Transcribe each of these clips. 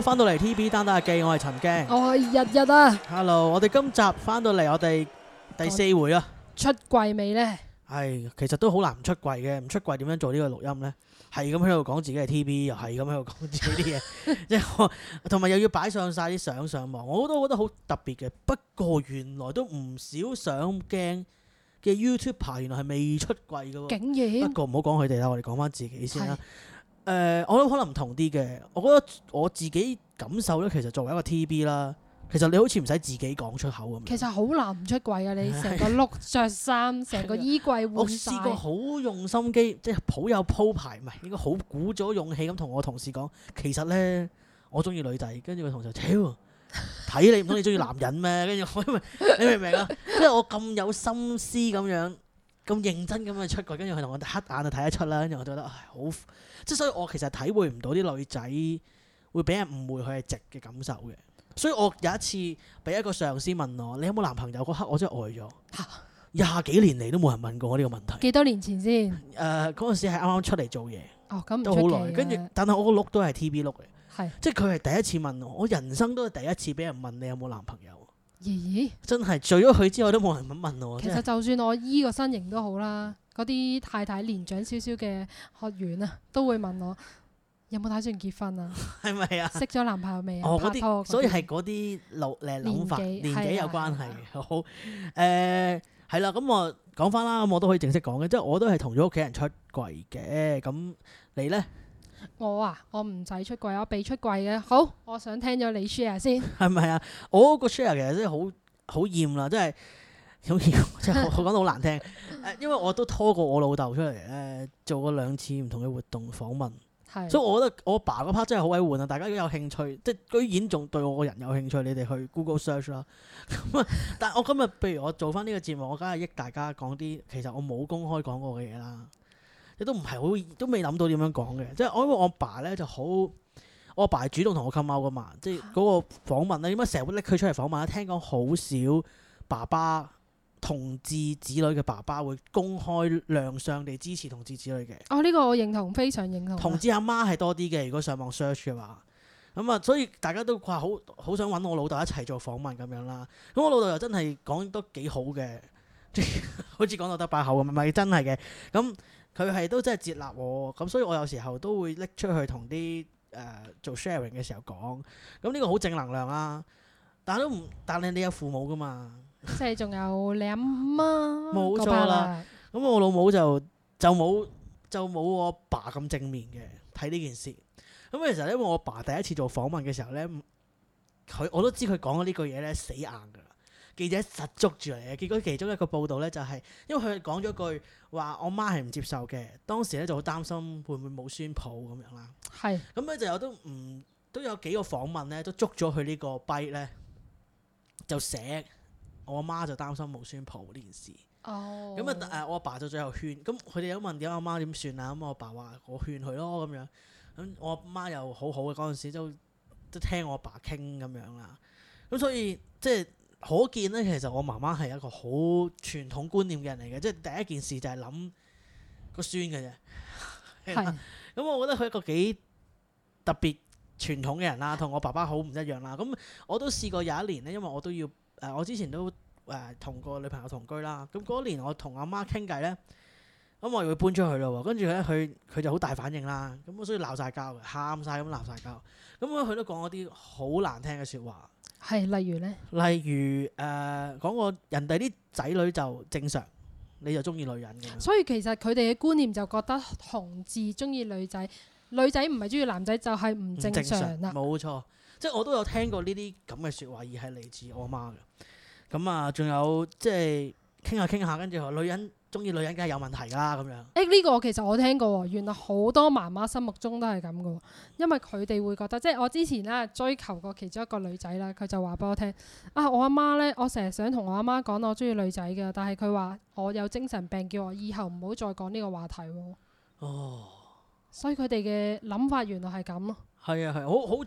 翻到嚟 T B 擔擔阿記，我係陳鏡，我係、哦、日日啊。Hello，我哋今集翻到嚟，我哋第四回啊。出櫃未呢？係、哎，其實都好難唔出櫃嘅，唔出櫃點樣做呢個錄音呢？係咁喺度講自己嘅 T B，又係咁喺度講自己啲嘢，即係同埋又要擺上晒啲相上網，我都覺得好特別嘅。不過原來都唔少上鏡嘅 YouTuber 原來係未出櫃噶。竟然。不過唔好講佢哋啦，我哋講翻自己先啦。誒、呃，我諗可能唔同啲嘅。我覺得我自己感受咧，其實作為一個 T B 啦，其實你好似唔使自己講出口咁。其實好難唔出櫃啊！你成個碌着衫，成的個衣櫃換曬。我試過好用心機，即係好有鋪排，唔係應該好鼓咗勇氣咁同我同事講。其實咧，我中意女仔。跟住個同事話：，屌，睇你唔通你中意男人咩？跟住我，你明唔明啊？即係我咁有心思咁樣。咁認真咁樣出櫃，跟住佢同我黑眼就睇得出啦。跟住我就覺得好即係所以我其實體會唔到啲女仔會俾人誤會佢係直嘅感受嘅。所以我有一次俾一個上司問我：你有冇男朋友？嗰刻我真係呆咗。廿哈幾年嚟都冇人問過我呢個問題。幾多年前先？誒、呃，嗰陣時係啱啱出嚟做嘢。哦啊、都好耐。跟住，但係我個 look 都係 TB look 嘅。的即係佢係第一次問我，我人生都係第一次俾人問你有冇男朋友。咦？真係除咗佢之外都冇人問我。其實就算我依個身形都好啦，嗰啲太太年長少少嘅學員啊，都會問我有冇打算結婚啊？係咪啊？識咗男朋友未啊？哦、所以係嗰啲老靚年紀年紀有關係好誒，係、呃、啦。咁我講翻啦，咁我都可以正式講嘅，即係我都係同咗屋企人出櫃嘅。咁你咧？我啊，我唔使出櫃，我畀出櫃嘅。好，我想聽咗你 share 先。係咪啊？我個 share 其實真係好好厭啦，真係好厭，即係我講得好難聽。 因為我都拖過我老豆出嚟咧，做過兩次唔同嘅活動訪問。的所以我覺得我阿爸嗰 part 真係好委換啊！大家如果有興趣，即係居然仲對我個人有興趣，你哋去 Google search 啦。咁啊，但係我今日，譬如我做翻呢個節目，我梗係益大家講啲其實我冇公開講過嘅嘢啦。都唔係好，都未諗到點樣講嘅。即係我因為我阿爸咧就好，我阿爸主動同我溝溝㗎嘛。即係嗰個訪問咧，點解成日會拎佢出嚟訪問啊？聽講好少爸爸同志子女嘅爸爸會公開亮相地支持同志子女嘅。哦，呢、這個我認同，非常認同。同志阿媽係多啲嘅。如果上網 search 嘅話，咁、嗯、啊，所以大家都話好好想搵我老豆一齊做訪問咁樣啦。咁我老豆又真係講得幾好嘅，即 好似講到得把口咁，唔真係嘅咁。嗯佢係都真係接納我，咁所以我有時候都會拎出去同啲誒做 sharing 嘅時候講，咁、嗯、呢、這個好正能量啦、啊。但都唔，但係你有父母㗎嘛？即係仲有你阿媽，媽。冇 錯啦。咁、嗯、我老母就就冇就冇我爸咁正面嘅睇呢件事。咁、嗯、其實因為我爸第一次做訪問嘅時候咧，佢我都知佢講嘅呢句嘢咧死硬嘅。記者實捉住嚟嘅，結果其中一個報道咧就係、是，因為佢講咗句話，我媽係唔接受嘅，當時咧就好擔心會唔會冇孫抱咁樣啦。係是。咁咧就有都唔都有幾個訪問咧都捉咗佢呢個 bite 咧，就寫我阿媽就擔心冇孫抱呢件事。哦。咁啊誒，我爸，爸就最後勸，咁佢哋有問點阿媽點算啊？咁我阿爸話我勸佢咯咁樣，咁我阿媽又好好嘅嗰陣時都都聽我阿爸傾咁樣啦。咁所以即係。可見咧，其實我媽媽係一個好傳統觀念嘅人嚟嘅，即係第一件事就係諗個孫嘅啫。咁 是、嗯、我覺得佢一個幾特別傳統嘅人啦，同我爸爸好唔一樣啦。咁、嗯、我都試過有一年呢，因為我都要誒、呃，我之前都誒同、呃、個女朋友同居啦。咁、嗯、嗰年我同阿媽傾偈呢，咁、嗯、我又要搬出去咯喎。跟住咧，佢佢就好大反應啦。咁、嗯、所以鬧晒交，喊晒，咁鬧晒交。咁佢、嗯嗯、都講一啲好難聽嘅説話。係，例如咧，例如誒、呃、講個人哋啲仔女就正常，你就中意女人嘅。所以其實佢哋嘅觀念就覺得同志中意女仔，女仔唔係中意男仔就係唔正常啦。冇錯，即係我都有聽過呢啲咁嘅説話，而係嚟自我媽嘅。咁、嗯、啊，仲有即係傾下傾下，跟住話女人。中意女人梗係有問題啦、啊，咁樣。誒呢個其實我聽過、哦、原來好多媽媽心目中都係咁噶，因為佢哋會覺得，即係我之前咧追求過其中一個女仔啦，佢就話俾我聽：啊，我阿媽咧，我成日想同我阿媽講我中意女仔噶，但係佢話我有精神病，叫我以後唔好再講呢個話題喎。哦，哦，所以佢哋嘅諗法原來係咁咯。係啊，係、啊、好好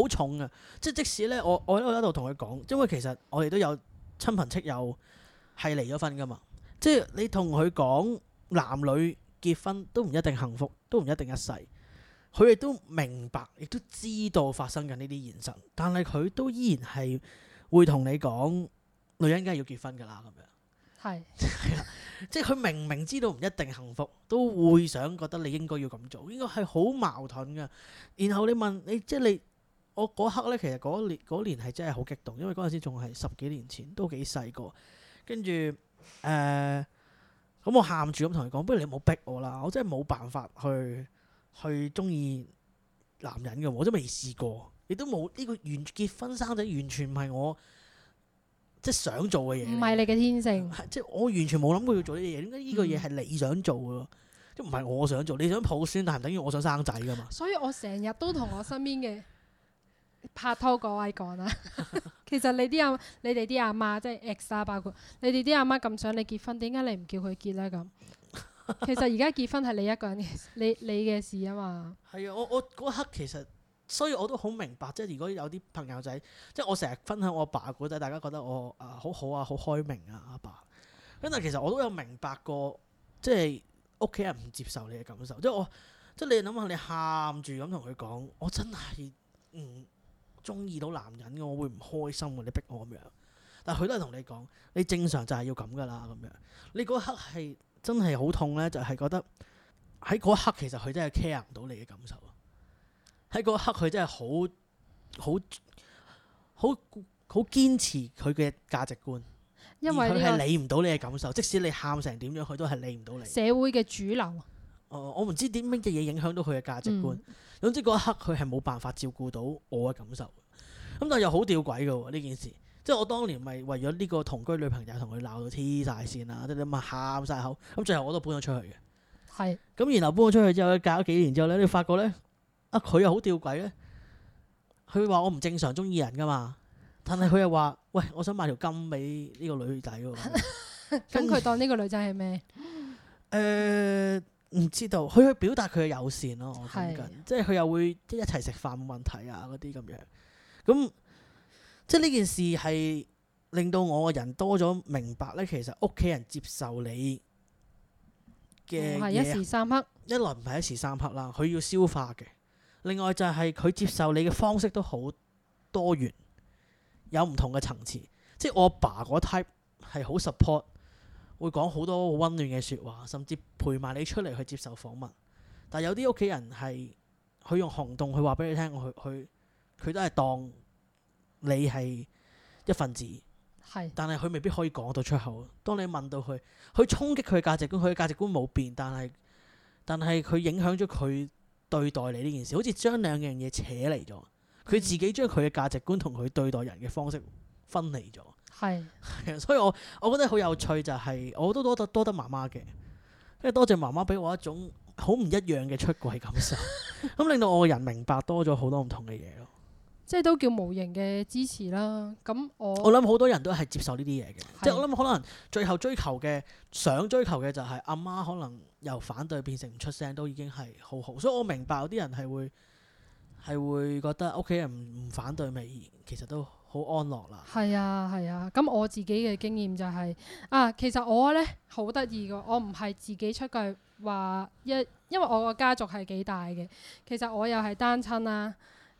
好重啊。即係即使咧，我我喺度同佢講，因為其實我哋都有親朋戚友係離咗婚噶嘛。即係你同佢講男女結婚都唔一定幸福，都唔一定一世。佢亦都明白，亦都知道發生緊呢啲現實，但係佢都依然係會同你講，女人梗係要結婚噶啦咁樣。係係啦，即係佢明明知道唔一定幸福，都會想覺得你應該要咁做，應該係好矛盾噶。然後你問你，即係你我嗰刻咧，其實嗰年嗰年係真係好激動，因為嗰陣時仲係十幾年前，都幾細個，跟住。誒，咁、呃、我喊住咁同佢講，不如你唔好逼我啦，我真係冇辦法去去中意男人嘅，我都未試過，亦都冇呢、這個完結婚生仔，完全唔係我即係想做嘅嘢，唔係你嘅天性，即係、就是、我完全冇諗過要做呢啲嘢，點解呢個嘢係你想做嘅？即唔係我想做，你想抱孫，但係唔等於我想生仔噶嘛？所以我成日都同我身邊嘅拍拖嗰位講啦。其實你啲阿你哋啲阿媽即係 ex 啊，包括你哋啲阿媽咁想你結婚，點解你唔叫佢結咧咁？其實而家結婚係你一個人嘅你你嘅事啊嘛。係 啊，我我嗰刻其實，所以我都好明白，即係如果有啲朋友仔，即係我成日分享我阿爸嘅古仔，大家覺得我啊、呃、好好啊，好開明啊阿爸，爸。跟住其實我都有明白過，即係屋企人唔接受你嘅感受，即係我即係你諗下，你喊住咁同佢講，我真係唔～、嗯中意到男人嘅我會唔開心，你逼我咁樣。但佢都係同你講，你正常就係要咁噶啦咁樣。你嗰刻係真係好痛呢，就係覺得喺嗰一刻其實佢真係 care 唔到你嘅感受。喺嗰刻佢真係好好好好堅持佢嘅價值觀，因為而佢係理唔到你嘅感受。即使你喊成點樣，佢都係理唔到你。社會嘅主流。哦，嗯、我唔知點乜嘅嘢影響到佢嘅價值觀。總之嗰一刻佢係冇辦法照顧到我嘅感受。咁但係又好吊詭嘅呢件事。即係我當年咪為咗呢個同居女朋友同佢鬧到黐晒線啦，即係咪喊晒口。咁最後我都搬咗出去嘅。係是。咁然後搬咗出去之後，隔咗幾年之後咧，你發覺咧，啊佢又好吊詭咧。佢話我唔正常中意人噶嘛，但係佢又話，喂，我想買條金俾呢個女仔喎。咁佢當呢個女仔係咩？誒。 uh, 唔知道，佢去表達佢嘅友善咯。我講緊，即係佢又會即係一齊食飯冇問題啊，嗰啲咁樣。咁即係呢件事係令到我嘅人多咗明白咧。其實屋企人接受你嘅嘢，唔係一時三刻，一來唔係一時三刻啦，佢要消化嘅。另外就係佢接受你嘅方式都好多元，有唔同嘅層次。即係我爸嗰 type 係好 support。會講好多溫暖嘅說話，甚至陪埋你出嚟去接受訪問。但有啲屋企人係佢用行動去話俾你聽，佢佢都係當你係一份子。是但係佢未必可以講到出口。當你問到佢，佢衝擊佢嘅價值觀，佢嘅價值觀冇變，但係但係佢影響咗佢對待你呢件事，好似將兩樣嘢扯離咗。佢自己將佢嘅價值觀同佢對待人嘅方式。分離咗是，係，所以我我覺得好有趣就係、是，我都多得多得媽媽嘅，因為多謝媽媽俾我一種好唔一樣嘅出櫃感受，咁 令到我個人明白多咗好多唔同嘅嘢咯，即係都叫無形嘅支持啦。咁我我諗好多人都係接受呢啲嘢嘅，是即係我諗可能最後追求嘅想追求嘅就係、是、阿媽，媽可能由反對變成唔出聲都已經係好好，所以我明白有啲人係會係會覺得屋企人唔唔反對咪其實都。好安樂啦，係啊，係啊，咁、啊、我自己嘅經驗就係、是、啊，其實我呢，好得意嘅，我唔係自己出句話一，因為我個家族係幾大嘅，其實我又係單親啦、啊，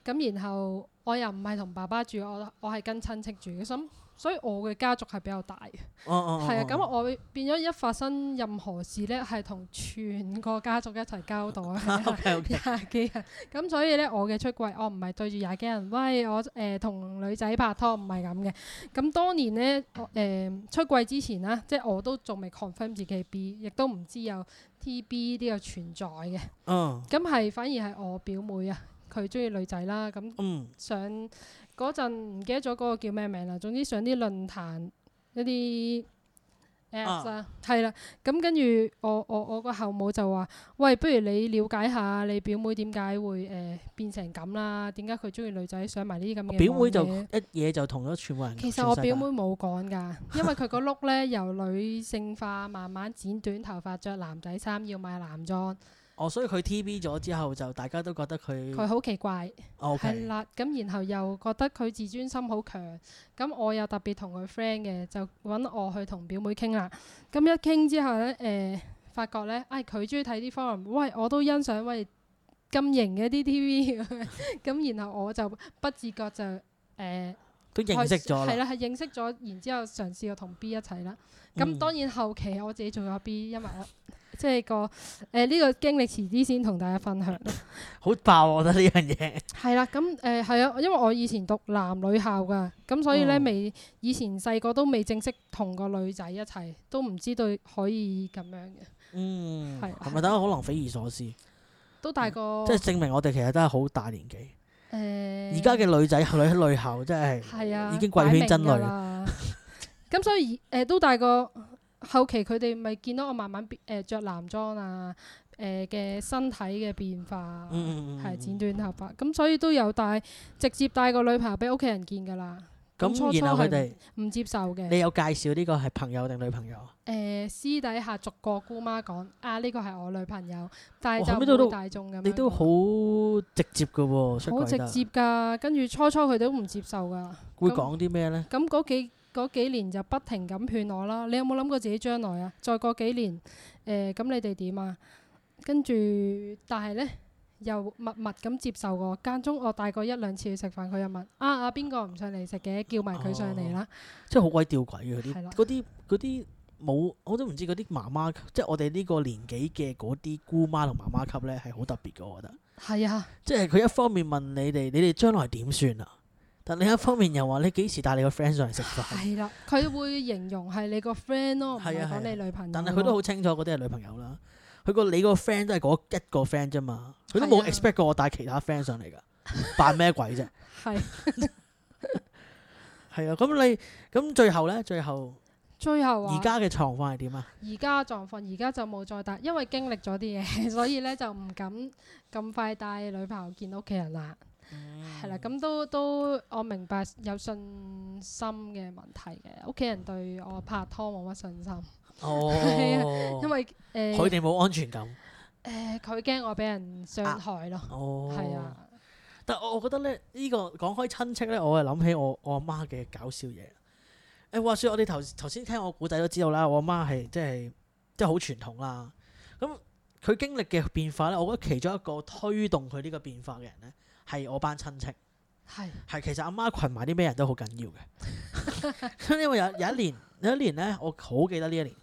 咁然後我又唔係同爸爸住，我我係跟親戚住咁。所以我嘅家族係比較大嘅，係、oh, oh, oh, oh, oh. 啊，咁我變咗一發生任何事呢，係同全個家族一齊交代。廿幾 Okay, okay. 人，咁所以呢，我嘅出櫃，我唔係對住廿幾人，喂，我誒同、呃、女仔拍拖，唔係咁嘅。咁當年呢，誒、呃、出櫃之前啦，即係我都仲未 confirm 自己係 B，亦都唔知有 TB 呢個存在嘅。嗯、oh。咁係反而係我表妹啊。佢中意女仔啦，咁上嗰陣唔記得咗嗰個叫咩名啦。總之上啲論壇一啲 Apps 啊，係啦。咁跟住我我我個後母就話：喂，不如你了解下你表妹點解會誒、呃、變成咁啦，點解佢中意女仔上埋呢啲咁嘅，表妹就一嘢就同咗全部人。其實我表妹冇講㗎， 因為佢個 look o 咧由女性化慢慢剪短頭髮，着男仔衫，要買男裝。哦，所以佢 TV 咗之後就大家都覺得佢佢好奇怪，係啦、哦，咁、okay、然後又覺得佢自尊心好強，咁我又特別同佢 friend 嘅，就搵我去同表妹傾啦。咁一傾之後咧，誒、呃，發覺咧，唉、哎，佢中意睇啲 forum，喂，我都欣賞，喂咁型嘅啲 TV 咁 然後我就不自覺就誒、呃、都認識咗，係啦，係認識咗，然之後嘗試過同 B 一齊啦。咁當然後期我自己仲有 B、嗯、因為我。即係個誒呢、呃呢個經歷，遲啲先同大家分享。 好爆，我覺得呢樣嘢。係啦，咁誒係啊， 因為我以前讀男女校噶，咁所以咧未以前細個都未正式同個女仔一齊，都唔知道可以咁樣嘅。嗯，係係咪得？大家可能匪夷所思。嗯、都大個、嗯。即係證明我哋其實都係好大年紀。誒、欸。而家嘅女仔女、呃、女校真係。係啊。已經貴圈真亂。咁 所以誒、呃、都大個，後期佢哋咪見到我慢慢變誒著男裝啊，誒嘅身體嘅變化，係、嗯嗯嗯嗯、剪短頭髮，髮，咁所以都有帶直接帶個女朋友俾屋企人見㗎啦。咁初初佢哋唔接受嘅。你有介紹呢個係朋友定女朋友？誒、呃、私底下逐個姑媽講啊，呢、這個係我女朋友，但係就好、哦、大眾㗎。你都好直接嘅喎，好直接㗎，跟住初初佢哋都唔接受㗎。會講啲咩咧？咁嗰幾嗰幾年就不停咁勸我啦，你有冇諗過自己將來啊？再過幾年，誒咁你哋點啊？跟住，但係呢又默默咁接受我，間中我帶過一兩次去食飯，佢又問：啊啊邊個唔上嚟食嘅？叫埋佢上嚟啦。即係好鬼吊鬼啊！嗰啲嗰啲嗰啲冇我都唔知嗰啲媽媽，即係我哋呢個年紀嘅嗰啲姑媽同媽媽級呢係好特別嘅，我覺得。係啊！即係佢一方面問你哋，你哋將來點算啊？但另一方面又話你幾時帶你個 friend 上嚟食飯？係啦，佢會形容係你個 friend 咯，唔係講你女朋友。但係佢都好清楚嗰啲係女朋友啦。佢個你個 friend 都係嗰一個 friend 啫嘛。佢都冇 expect 過我帶其他 friend 上嚟噶，扮咩的鬼啫？係係啊，咁 你咁最後咧？最後最後而家嘅狀況係點啊？而家狀況，而家就冇再帶，因為經歷咗啲嘢，所以咧就唔敢咁快帶女朋友見屋企人啦。係啦，咁、嗯、都都我明白有信心嘅問題嘅，屋企人對我拍拖冇乜信心。哦， 因為誒，佢哋冇安全感。誒、呃，佢驚我俾人傷害咯、啊。哦，係啊的。但係我我覺得咧，呢、這個講開親戚咧，我係諗起我我阿媽嘅搞笑嘢。誒、哎，話說我哋頭頭先聽我古仔都知道啦，我阿媽係即係即係好傳統啦。咁、嗯。佢經歷嘅變化呢，我覺得其中一個推動佢呢個變化嘅人呢，係我班親戚係係的其實阿媽，媽群埋啲咩人都好緊要嘅， 因為有有一年有 一年呢，我好記得呢一年，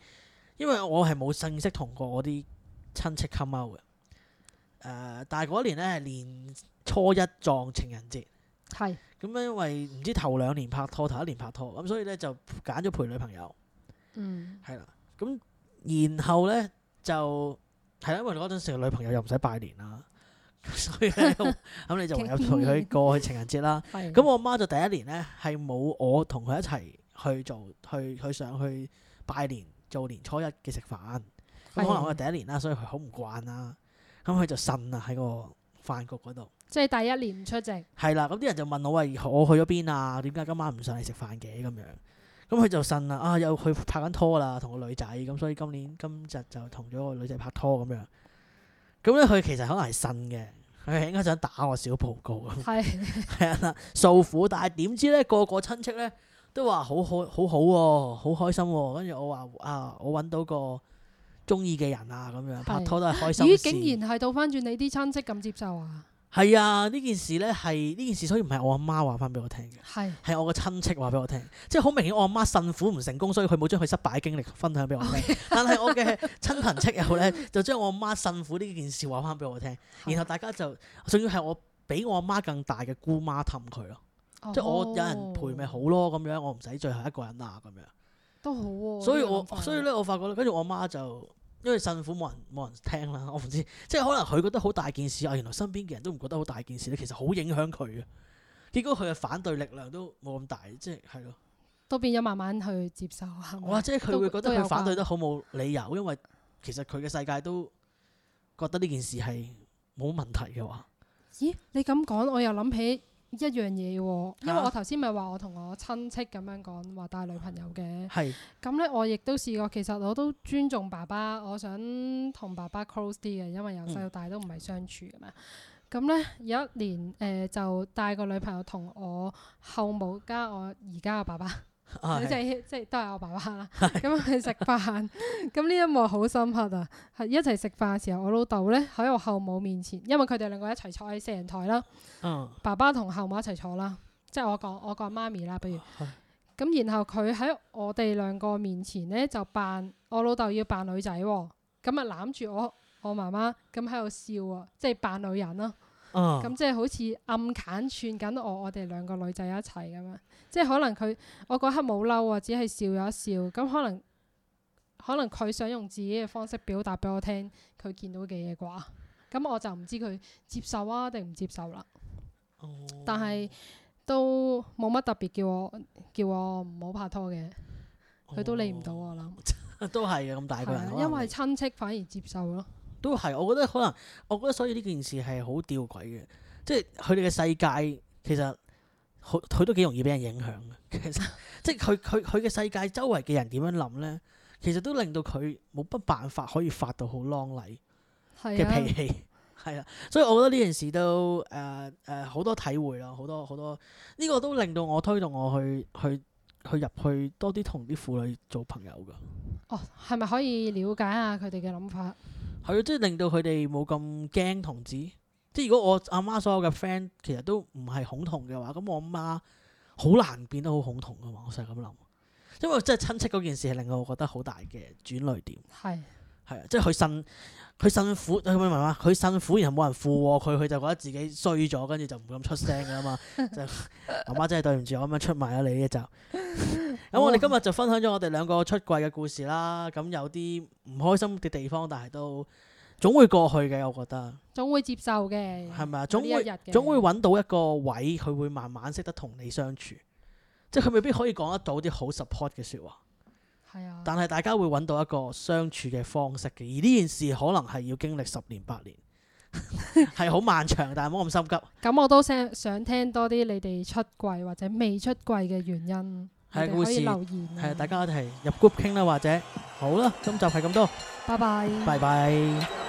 因為我係冇正式同過我啲親戚 come out 嘅誒。但係嗰一年呢，係年初一撞情人節，係咁樣，因為唔知頭兩年拍拖，頭一年拍拖咁，所以呢，就揀咗陪女朋友嗯係啦。咁然後呢，就。係啦，因為嗰陣時女朋友又唔使拜年啦， 所以咧，咁你就唯有同佢過去情人節啦。咁 我阿媽就第一年咧係冇我同佢一齊去做去去上去拜年做年初一嘅食飯。咁 可能我係第一年啦，所以佢好唔慣啦。咁佢就呻啦喺個飯局嗰度。即係第一年唔出席。係啦， 咁啲人就問我喂，我去咗邊啊？點解今晚唔上嚟食飯嘅咁樣？咁佢就信啦，啊又去拍緊拖啦，同個女仔，咁所以今年今日就同咗個女仔拍拖咁樣。咁咧佢其實可能係信嘅，佢應該想打我小報告咁。係，係啦，訴苦。但係點知咧個個親戚咧都話好好好好喎、啊，好開心喎、啊。跟住我話啊，我揾到個中意嘅人啊，咁樣拍拖都係開心。咦，竟然係到翻轉你啲親戚咁接受啊！係啊，呢件事呢，係呢件事，所以唔係我阿媽話翻俾我聽嘅，係是我個親戚話俾我聽，即係好明顯我阿媽辛苦唔成功，所以佢冇將佢失敗嘅經歷分享俾我聽。 但係我嘅親朋戚友呢，就將我阿媽辛苦呢件事話翻俾我聽，然後大家就仲要係我比我阿媽更大嘅姑媽氹佢咯，哦、即係我有人陪咪好咯咁樣，我唔使最後一個人啊咁樣，都好喎、啊。所以我、就是、所以呢我發覺，跟住我媽就。因為辛苦冇人冇人聽啦，我唔知，即係可能佢覺得好大件事啊，原來身邊嘅人都唔覺得好大件事咧，其實好影響佢嘅，結果佢嘅反對力量都冇咁大，即係係咯，都變咗慢慢去接受啊！哇、哦，都即係佢會覺得佢反對得好冇理由，因為其實佢嘅世界都覺得呢件事係冇問題嘅話，咦？你咁講，我又諗起。一樣嘢喎、哦，因為我頭先咪話我同我親戚咁樣講話帶女朋友嘅，咁是呢，我亦都試過。其實我都尊重爸爸，我想同爸爸 close 啲嘅，因為由細到大都唔係相處嘅嘛。咁呢，有一年誒、呃、就帶個女朋友同我後母加我而家嘅爸爸。你就、啊、即係都係我爸爸啦。咁去食飯，咁呢 一幕好深刻啊！係一齊食飯嘅時候，我老豆呢，喺我後母面前，因為佢哋兩個一齊坐喺四人台啦。嗯、爸爸同後母一齊坐媽媽啦，即係我講我講媽咪啦，不如。咁、嗯、然後佢喺我哋兩個面前呢，就扮我老豆要扮女仔喎，咁啊攬住我我媽媽，咁喺度笑啊，即係扮女人咯。哦，咁即係好似暗砍串緊我，我哋兩個女仔一齊咁樣，即係可能佢我嗰刻冇嬲啊，只係笑咗一笑。咁可能可能佢想用自己嘅方式表達俾我聽佢見到嘅嘢啩？咁我就唔知佢接受啊定唔接受啦。哦，但係都冇乜特別叫我叫我唔好拍拖嘅，佢，哦，都理唔到我啦。我都係嘅，咁大個人，因為親戚反而接受咯。都係，我覺得可能，我覺得所以呢件事係好吊詭嘅，即係佢哋嘅世界其實佢都幾容易俾人影響嘅。其實即係佢佢佢嘅世界周圍嘅人點樣諗呢？其實都令到佢冇乜辦法可以發到好狼戾嘅脾氣。係是啊， 啊，所以我覺得呢件事都誒誒好多體會咯，好多好多呢、這個都令到我推動我去去去入去多啲同啲婦女做朋友噶。哦，係咪可以了解下佢哋嘅諗法？係，即係令到佢哋冇咁驚同志。即係如果我阿媽所有嘅 friend 其實都唔係恐同嘅話，咁我阿媽好難變得好恐同㗎嘛。我成日咁諗，因為即係親戚嗰件事係令到我覺得好大嘅轉捩點。係。係啊，即係佢辛，佢辛苦，你明唔明啊？佢辛苦，然後冇人扶卧佢，佢就覺得自己衰咗，跟住就唔敢出聲噶嘛。就阿媽真係對唔住我咁樣出賣咗你呢一集。咁 我哋今日就分享咗我哋兩個出櫃嘅故事啦。咁有啲唔開心嘅地方，但係都總會過去嘅，我覺得。總會接受嘅。係咪啊？總會總會搵到一個位，佢會慢慢識得同你相處。即係佢未必可以講得到啲好 support 嘅說話。但係大家會搵到一個相處嘅方式嘅，而呢件事可能係要經歷十年八年，係好 漫長，但係唔好咁心急。咁 我都想想聽多啲你哋出櫃或者未出櫃嘅原因，的可以留言，係大家係入 group 傾啦，或者好啦，今集係咁多，拜拜 bye，拜拜。